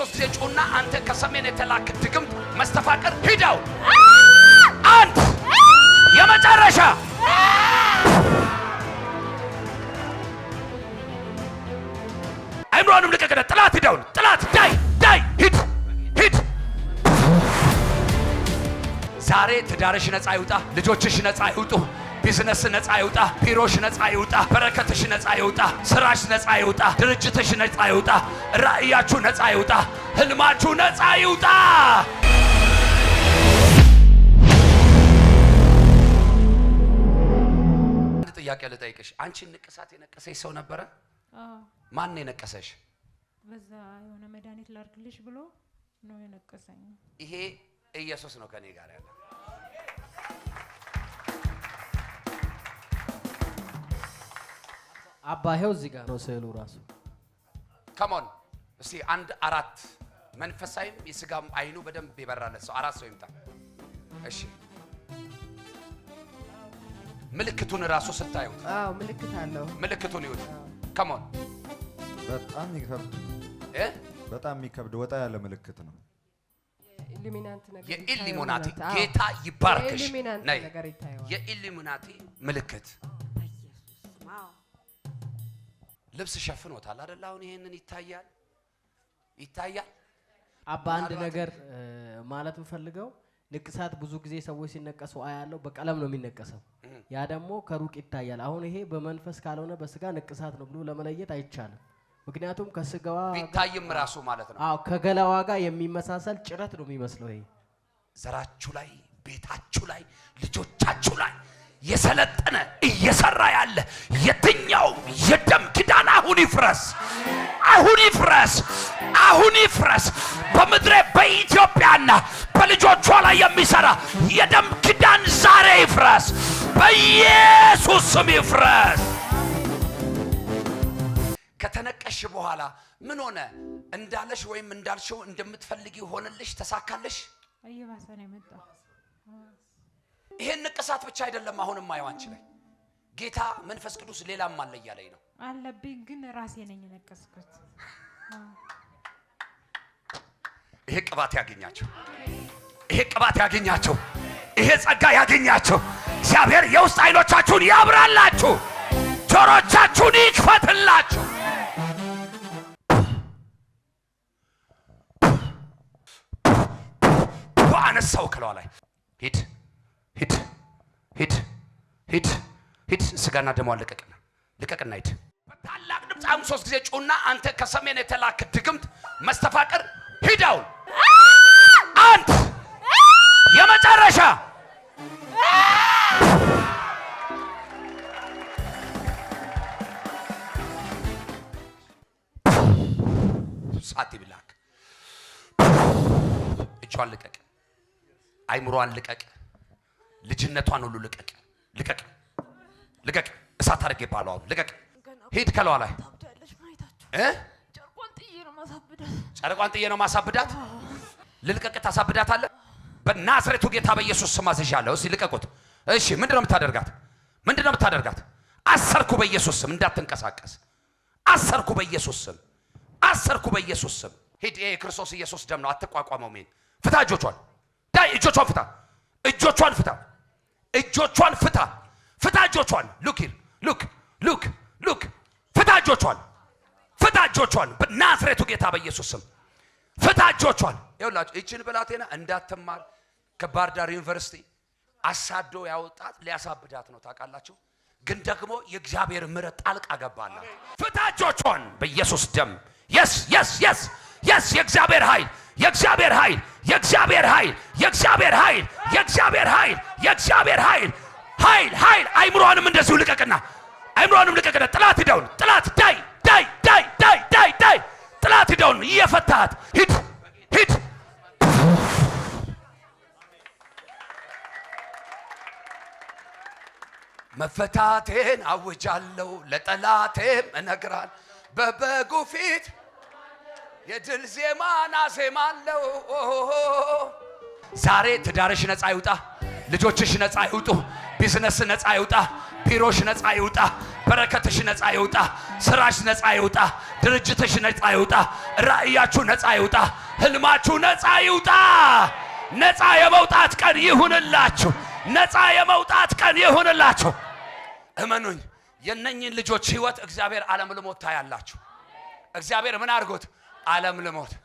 ሶስት ጊዜ ጩና አንተ ከሰሜን የተላከ ድግምት መስተፋቀር ሂደው አንድ የመጨረሻ አይምሮንም ልቀቅደ ጥላት ሂደውን ጥላት ዳይ ዳይ ሂድ ሂድ። ዛሬ ትዳርሽ ነፃ ይውጣ። ልጆችሽ ነፃ ይውጡ። ቢዝነስ ነፃ ይውጣ፣ ቢሮሽ ነፃ ይውጣ፣ በረከትሽ ነፃ ይውጣ፣ ስራሽ ነፃ ይውጣ፣ ድርጅትሽ ነፃ ይውጣ፣ ራእያችሁ ነፃ ይውጣ፣ ህልማችሁ ነፃ ይውጣ። አንድ ጥያቄ ልጠይቅሽ። አንቺ ንቅሳት የነቀሰች ሰው ነበረ? ማን ነው የነቀሰሽ? በዛ የሆነ መድኃኒት ላድርግልሽ ብሎ ነው የነቀሰኝ። ይሄ ኢየሱስ ነው ከኔ ጋር ያለ አባ ይኸው እዚህ ጋር ነው ስዕሉ ራሱ። ከሞን እስቲ አንድ አራት መንፈሳዊም የስጋም አይኑ በደንብ የበራለት ሰው አራት ሰው ይምጣ። እሺ ምልክቱን ራሱ ስታዩት፣ አዎ ምልክት አለው። ምልክቱን ይሁት ከሞን በጣም ይከብድ እ በጣም የሚከብድ ወጣ ያለ ምልክት ነው። የኢሊሙናቲ ጌታ ይባርክሽ። ነይ የኢሊሙናቲ ምልክት ልብስ ሸፍኖታል አይደል? አሁን ይሄንን ይታያል ይታያል። አባ አንድ ነገር ማለት የምፈልገው ንቅሳት ብዙ ጊዜ ሰዎች ሲነቀሱ አያለው። በቀለም ነው የሚነቀሰው፣ ያ ደግሞ ከሩቅ ይታያል። አሁን ይሄ በመንፈስ ካልሆነ በስጋ ንቅሳት ነው ብሎ ለመለየት አይቻልም። ምክንያቱም ከስጋዋ ቢታይም ራሱ ማለት ነው። አዎ ከገላዋ ጋር የሚመሳሰል ጭረት ነው የሚመስለው። ይሄ ዘራችሁ ላይ፣ ቤታችሁ ላይ፣ ልጆቻችሁ ላይ የሰለጠነ እየሰራ ያለ የትኛውም የደም ኪዳ አሁን ይፍረስ፣ አሁን ይፍረስ፣ አሁን ይፍረስ። በምድሬ በኢትዮጵያና በልጆቿ ላይ የሚሰራ የደም ኪዳን ዛሬ ይፍረስ፣ በኢየሱስ ስም ይፍረስ። ከተነቀሽ በኋላ ምን ሆነ? እንዳለሽ ወይም እንዳልሽው እንደምትፈልጊ ሆነልሽ? ተሳካለሽ? ይሄን ንቅሳት ብቻ አይደለም አሁንም ማየው አንቺ ላይ ጌታ መንፈስ ቅዱስ ሌላም አለ እያለኝ ነው አለብኝ፣ ግን ራሴ ነኝ የነቀስኩት። ይሄ ቅባት ያገኛቸው፣ ይሄ ቅባት ያገኛቸው፣ ይሄ ጸጋ ያገኛቸው። እግዚአብሔር የውስጥ አይኖቻችሁን ያብራላችሁ፣ ጆሮቻችሁን ይክፈትላችሁ። አነሳው ከለዋ ላይ ሂድ ሂድ ሂድ ሂድ ሂድ፣ ስጋና ደሟ ልቀቅና ልቀቅና ሂድ። በታላቅ ድምፅ አሁን ሶስት ጊዜ ጩና፣ አንተ ከሰሜን የተላከ ድግምት መስተፋቀር፣ ሂድ አሁን። አንድ የመጨረሻ ሰዓት ይብላክ። እጇን ልቀቅ፣ አይምሮዋን ልቀቅ፣ ልጅነቷን ሁሉ ልቀቅ ልቀቅ። ልቀቅ! እሳት አድርጌ ባለው አሁን ልቀቅ! ሂድ ከለዋ ላይ ጨርቋን ጥዬ ነው ማሳብዳት። ልልቀቅ? ታሳብዳት አለ። በናዝሬቱ ጌታ በኢየሱስ ስም አዝዣለሁ። እስኪ ልቀቁት። እሺ፣ ምንድን ነው የምታደርጋት? ምንድን ነው የምታደርጋት? አሰርኩ በኢየሱስ ስም እንዳትንቀሳቀስ። አሰርኩ በኢየሱስ ስም፣ አሰርኩ በኢየሱስ ስም። ሂድ! ይሄ የክርስቶስ ኢየሱስ ደም ነው፣ አትቋቋመው። ሜን ፍታ! እጆቿን ዳይ! እጆቿን ፍታ! እጆቿን ፍታ! እጆቿን ፍታ! ፍታ እጆቿን። ሉክ ሉክ ሉክ ሉክ ፍታ እጆቿን፣ ፍታ እጆቿን በናዝሬቱ ጌታ በኢየሱስ ስም ፍታ እጆቿን። ይኸውላችሁ ይችን ብላቴና እንዳትማር ከባህር ዳር ዩኒቨርሲቲ አሳዶ ያወጣት ሊያሳብዳት ነው ታውቃላችሁ። ግን ደግሞ የእግዚአብሔር ምሕረት ጣልቃ ገባላት። ፍታ እጆቿን በኢየሱስ ደም። የስ የስ የስ የስ የእግዚአብሔር ኃይል የእግዚአብሔር ኃይል የእግዚአብሔር ኃይል የእግዚአብሔር ኃይል የእግዚአብሔር ኃይል የእግዚአብሔር ኃይል ኃይል ኃይል አይምሮንም እንደዚሁ ልቀቅና፣ አይምሮንም ልቀቅና። ጥላት ሂደውን ጥላት ዳይ ዳይ ዳይ ዳይ ዳይ ዳይ ጥላት ሂደውን እየፈታሃት ሂድ ሂድ። መፈታቴን አውጃለሁ፣ ለጠላቴም እነግራል። በበጉ ፊት የድል ዜማና ዜማለው። ዛሬ ትዳርሽ ነፃ ይውጣ፣ ልጆችሽ ነፃ ይውጡ። ቢዝነስ ነፃ ይውጣ፣ ቢሮሽ ነፃ ይውጣ፣ በረከትሽ ነፃ ይውጣ፣ ስራሽ ነፃ ይውጣ፣ ድርጅትሽ ነፃ ይውጣ፣ ራእያችሁ ነፃ ይውጣ፣ ህልማችሁ ነፃ ይውጣ። ነፃ የመውጣት ቀን ይሁንላችሁ። ነፃ የመውጣት ቀን ይሁንላችሁ። እመኑኝ፣ የነኝን ልጆች ህይወት እግዚአብሔር አለም ልሞት ታያላችሁ። እግዚአብሔር ምን አድርጎት አለም ልሞት